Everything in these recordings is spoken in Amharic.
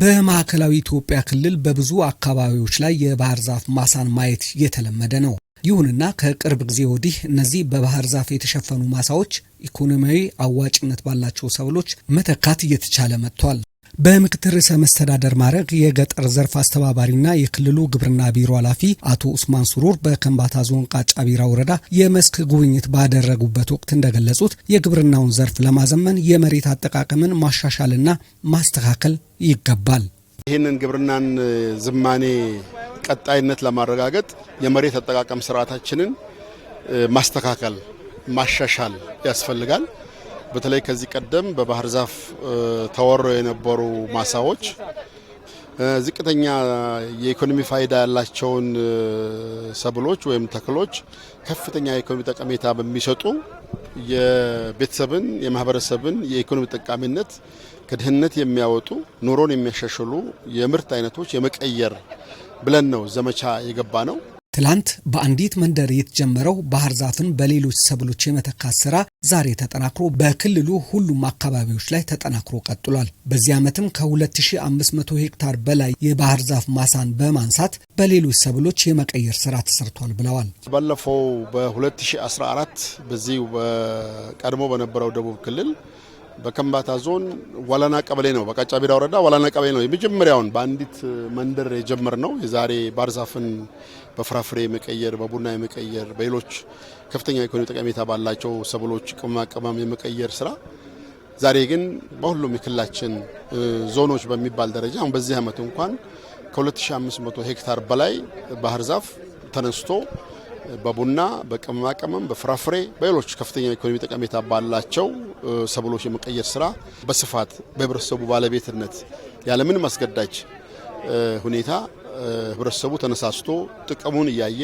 በማዕከላዊ ኢትዮጵያ ክልል በብዙ አካባቢዎች ላይ የባህር ዛፍ ማሳን ማየት የተለመደ ነው። ይሁንና ከቅርብ ጊዜ ወዲህ እነዚህ በባህር ዛፍ የተሸፈኑ ማሳዎች ኢኮኖሚያዊ አዋጭነት ባላቸው ሰብሎች መተካት እየተቻለ መጥቷል። በምክትል ርዕሰ መስተዳደር ማዕረግ የገጠር ዘርፍ አስተባባሪና የክልሉ ግብርና ቢሮ ኃላፊ አቶ ኡስማን ሱሩር በከንባታ ዞን ቃጫ ቢራ ወረዳ የመስክ ጉብኝት ባደረጉበት ወቅት እንደገለጹት የግብርናውን ዘርፍ ለማዘመን የመሬት አጠቃቀምን ማሻሻልና ማስተካከል ይገባል። ይህንን ግብርናን ዝማኔ ቀጣይነት ለማረጋገጥ የመሬት አጠቃቀም ስርዓታችንን ማስተካከል ማሻሻል ያስፈልጋል። በተለይ ከዚህ ቀደም በባህር ዛፍ ተወረው የነበሩ ማሳዎች ዝቅተኛ የኢኮኖሚ ፋይዳ ያላቸውን ሰብሎች ወይም ተክሎች ከፍተኛ የኢኮኖሚ ጠቀሜታ በሚሰጡ የቤተሰብን፣ የማህበረሰብን የኢኮኖሚ ጠቃሚነት ከድህነት የሚያወጡ ኑሮን የሚያሻሽሉ የምርት አይነቶች የመቀየር ብለን ነው ዘመቻ የገባ ነው። ትላንት በአንዲት መንደር የተጀመረው ባህር ዛፍን በሌሎች ሰብሎች የመተካት ስራ ዛሬ ተጠናክሮ በክልሉ ሁሉም አካባቢዎች ላይ ተጠናክሮ ቀጥሏል። በዚህ ዓመትም ከ2500 ሄክታር በላይ የባህር ዛፍ ማሳን በማንሳት በሌሎች ሰብሎች የመቀየር ስራ ተሰርቷል ብለዋል። ባለፈው በ2014 በዚህ ቀድሞ በነበረው ደቡብ ክልል በከምባታ ዞን ዋላና ቀበሌ ነው፣ በቃጫ ቢራ ወረዳ ዋላና ቀበሌ ነው የመጀመሪያውን በአንዲት መንደር የጀመር ነው። የዛሬ ባህር ዛፍን በፍራፍሬ የመቀየር በቡና የመቀየር በሌሎች ከፍተኛ ኢኮኖሚ ጠቀሜታ ባላቸው ሰብሎች ቅመማ ቅመም የመቀየር ስራ ዛሬ ግን በሁሉም የክልላችን ዞኖች በሚባል ደረጃ አሁን በዚህ አመት እንኳን ከ2500 ሄክታር በላይ ባህር ዛፍ ተነስቶ በቡና በቅመማ ቅመም በፍራፍሬ በሌሎች ከፍተኛ ኢኮኖሚ ጠቀሜታ ባላቸው ሰብሎች የመቀየር ስራ በስፋት በህብረተሰቡ ባለቤትነት ያለምንም አስገዳጅ ሁኔታ ህብረተሰቡ ተነሳስቶ ጥቅሙን እያየ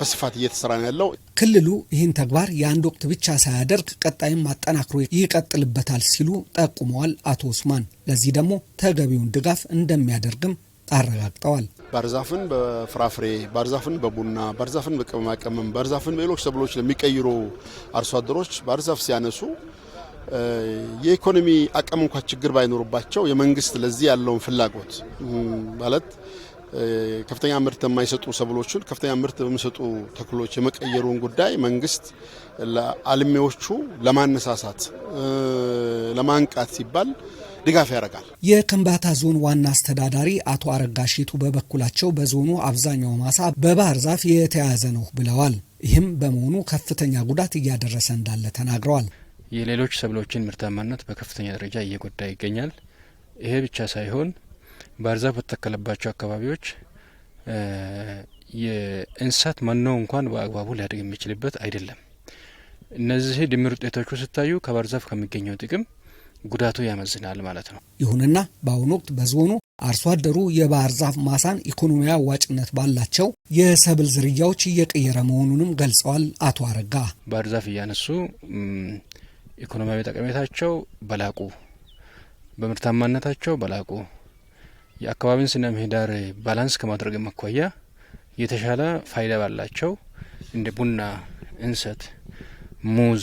በስፋት እየተሰራ ነው ያለው። ክልሉ ይህን ተግባር የአንድ ወቅት ብቻ ሳያደርግ ቀጣይም አጠናክሮ ይቀጥልበታል ሲሉ ጠቁመዋል አቶ ኡስማን። ለዚህ ደግሞ ተገቢውን ድጋፍ እንደሚያደርግም አረጋግጠዋል። ባርዛፍን በፍራፍሬ ባርዛፍን በቡና ባርዛፍን በቅመማ ቅመም ባርዛፍን በሌሎች ሰብሎች ለሚቀይሩ አርሶ አደሮች ባርዛፍ ሲያነሱ የኢኮኖሚ አቅም እንኳ ችግር ባይኖርባቸው የመንግስት ለዚህ ያለውን ፍላጎት ማለት ከፍተኛ ምርት የማይሰጡ ሰብሎችን ከፍተኛ ምርት በሚሰጡ ተክሎች የመቀየሩን ጉዳይ መንግስት ለአልሚዎቹ ለማነሳሳት ለማንቃት ሲባል ድጋፍ ያደርጋል። የከምባታ ዞን ዋና አስተዳዳሪ አቶ አረጋሺቱ በበኩላቸው በዞኑ አብዛኛው ማሳ በባህር ዛፍ የተያያዘ ነው ብለዋል። ይህም በመሆኑ ከፍተኛ ጉዳት እያደረሰ እንዳለ ተናግረዋል። የሌሎች ሰብሎችን ምርታማነት በከፍተኛ ደረጃ እየጎዳ ይገኛል። ይሄ ብቻ ሳይሆን ባህር ዛፍ በተተከለባቸው አካባቢዎች የእንስሳት መኖ እንኳን በአግባቡ ሊያድግ የሚችልበት አይደለም። እነዚህ ድምር ውጤቶቹ ስታዩ ከባህር ዛፍ ከሚገኘው ጥቅም ጉዳቱ ያመዝናል ማለት ነው። ይሁንና በአሁኑ ወቅት በዞኑ አርሶ አደሩ የባህር ዛፍ ማሳን ኢኮኖሚያዊ አዋጭነት ባላቸው የሰብል ዝርያዎች እየቀየረ መሆኑንም ገልጸዋል። አቶ አረጋ ባህር ዛፍ እያነሱ ኢኮኖሚያዊ ጠቀሜታቸው በላቁ፣ በምርታማነታቸው በላቁ፣ የአካባቢን ስነ ምህዳር ባላንስ ከማድረግ መኳያ የተሻለ ፋይዳ ባላቸው እንደ ቡና፣ እንሰት፣ ሙዝ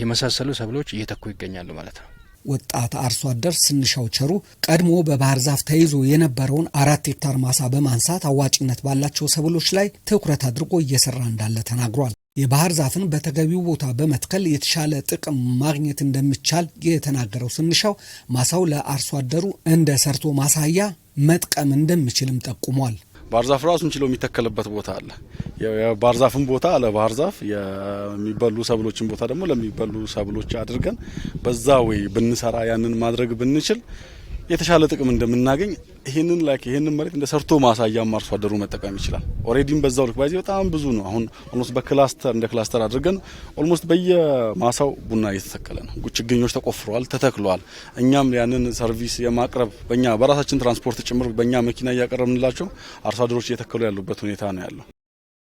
የመሳሰሉ ሰብሎች እየተኩ ይገኛሉ ማለት ነው። ወጣት አርሶ አደር ስንሻው ቸሩ ቀድሞ በባህር ዛፍ ተይዞ የነበረውን አራት ሄክታር ማሳ በማንሳት አዋጭነት ባላቸው ሰብሎች ላይ ትኩረት አድርጎ እየሰራ እንዳለ ተናግሯል። የባህር ዛፍን በተገቢው ቦታ በመትከል የተሻለ ጥቅም ማግኘት እንደሚቻል የተናገረው ስንሻው ማሳው ለአርሶ አደሩ እንደ ሰርቶ ማሳያ መጥቀም እንደሚችልም ጠቁሟል። ባህርዛፍ ዛፍ ራሱን ችሎ የሚተከልበት ቦታ አለ። የባህርዛፍን ቦታ ለባህር ዛፍ የሚበሉ ሰብሎችን ቦታ ደግሞ ለሚበሉ ሰብሎች አድርገን በዛ ወይ ብንሰራ ያንን ማድረግ ብንችል የተሻለ ጥቅም እንደምናገኝ ይህንን ላይክ ይህንን መሬት እንደ ሰርቶ ማሳያ አርሶ አደሩ መጠቀም ይችላል። ኦሬዲም በዛው ልክ ባይዚህ በጣም ብዙ ነው። አሁን ኦልሞስት በክላስተር እንደ ክላስተር አድርገን ኦልሞስት በየማሳው ቡና እየተተከለ ነው። ችግኞች ተቆፍረዋል፣ ተተክለዋል። እኛም ያንን ሰርቪስ የማቅረብ በእኛ በራሳችን ትራንስፖርት ጭምር በእኛ መኪና እያቀረብንላቸው አርሶ አደሮች እየተከሉ ያሉበት ሁኔታ ነው ያለው።